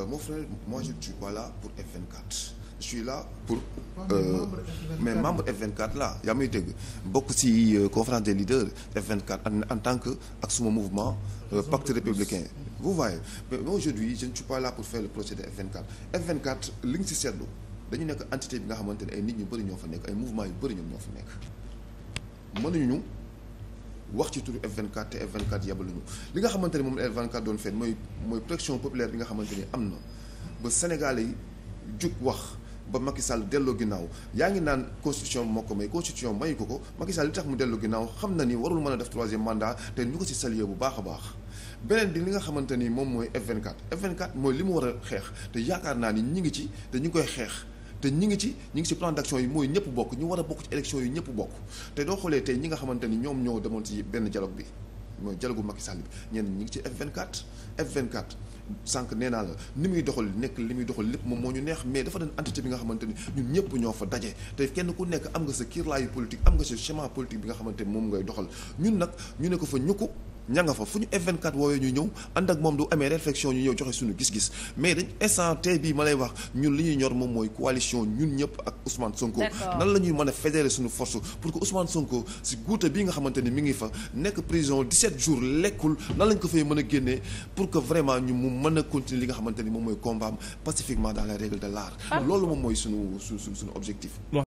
euh, mon frère moi je ne suis pas là pour F24 je suis là pour euh, mais membre F24 là yaa may dégg bokk ci euh, conférence des leaders F24 en, en tant que ak suma mouvement euh, pacte républicain vous voyez mais aujourd'hui je ne suis pas pour faire le procès de F24 F24 li nga ci seetlu dañu nekk entité bi nga xamante ne ay nit ñu bëri ñoo fa nekk ay mouvement yu bëri ñoom ñoo fa nekk ñu wax ci turu F24 te F24 yebaluñu li nga xamante ne moom la F24 doon feeñ mooy mooy pression populaire bi na ba Sénégalais yi wax ba Macky Sall delloo ginnaaw yaa ngi naan constitution moo ko may constitution mayu ko ko Macky Sall li tax mu delloo xam na ni warul mën a def troisième mandat te ñu bu baax a baax. beneen bi li nga xamante ni moom mooy F24 F24 mooy li mu war a xeex te yaakaar naa ni ñi ngi ci te ñu koy xeex. te ñi ngi ci ñi ngi ci plan d'action yi mooy ñëpp bokk ñu war a bokk ci élection yi ñëpp bokk te doo xoolee tey ñi nga xamante ni ñoom ñoo demoon ci benn dialogue bi mooy dialogue Macky Sall bi ñenn ñi ngi ci F24 F24 sànq nee naa la ni muy doxal nekk li muy doxal lépp moom moo ñu neex mais dafa doon entité bi nga xamante ni ñun ñëpp ñoo fa daje te kenn ku nekk am nga sa kiirlaayu politique am nga sa schéma politique bi nga xamante moom ngay doxal ñun ñu ne ko fa ñukku ña nga fa fu ñu F24 woowee ñu ñëw ànd ak moom du amee réflexion ñu ñëw joxe suñu gis-gis mais dañ instant tey bii ma lay wax ñun li ñuy ñor moom mooy coalition ñun ñëpp ak Ousmane Sonko nan la ñuy mën a fédérer suñu force pour que Ousmane Sonko si guuta bii nga xamante ni mi ngi fa nekk prison 17 jours lekkul nan lañ ko fay mën a génnee pour que vraiment ñu mu mën a continuer li nga xamante ni moom mooy combat am pacifiquement dans les règles de l'art suñu suñu suñu